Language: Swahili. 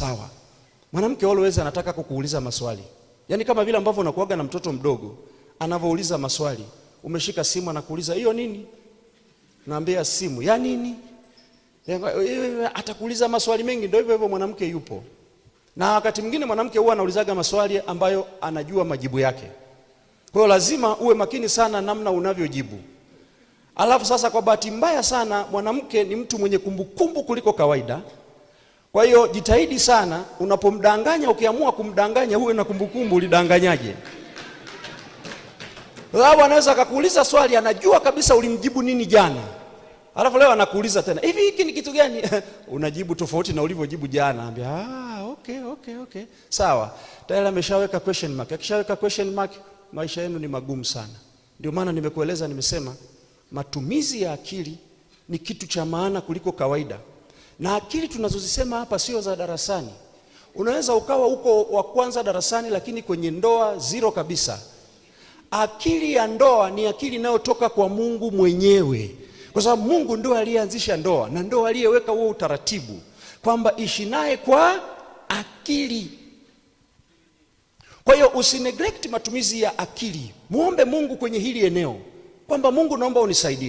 sawa. Mwanamke always anataka kukuuliza maswali, yaani kama vile ambavyo unakuaga na mtoto mdogo anavouliza maswali. Umeshika simu anakuuliza hiyo nini? Naambia simu ya nini? Yaani, eh, eh, eh, atakuuliza maswali mengi. Ndio hivyo hivyo mwanamke yupo, na wakati mwingine mwanamke huwa anaulizaga maswali ambayo anajua majibu yake. Kwa hiyo lazima uwe makini sana namna unavyojibu. Alafu sasa, kwa bahati mbaya sana mwanamke ni mtu mwenye kumbukumbu kumbu kuliko kawaida. Kwa hiyo jitahidi sana unapomdanganya, ukiamua kumdanganya uwe na kumbukumbu ulidanganyaje. Labda anaweza akakuuliza swali, anajua kabisa ulimjibu nini jana, alafu leo anakuuliza tena, hivi hiki ni kitu gani? unajibu tofauti na ulivyojibu jana. Anambia ah, okay, okay, okay, sawa. Tayari ameshaweka question mark. Akishaweka question mark, maisha yenu ni magumu sana. Ndio maana nimekueleza, nimesema matumizi ya akili ni kitu cha maana kuliko kawaida na akili tunazozisema hapa sio za darasani. Unaweza ukawa uko wa kwanza darasani, lakini kwenye ndoa zero kabisa. Akili ya ndoa ni akili inayotoka kwa Mungu mwenyewe, kwa sababu Mungu ndio aliyeanzisha ndoa na ndio aliyeweka huo utaratibu kwamba ishi naye kwa akili. Kwa hiyo usineglect matumizi ya akili, muombe Mungu kwenye hili eneo kwamba Mungu, naomba unisaidie.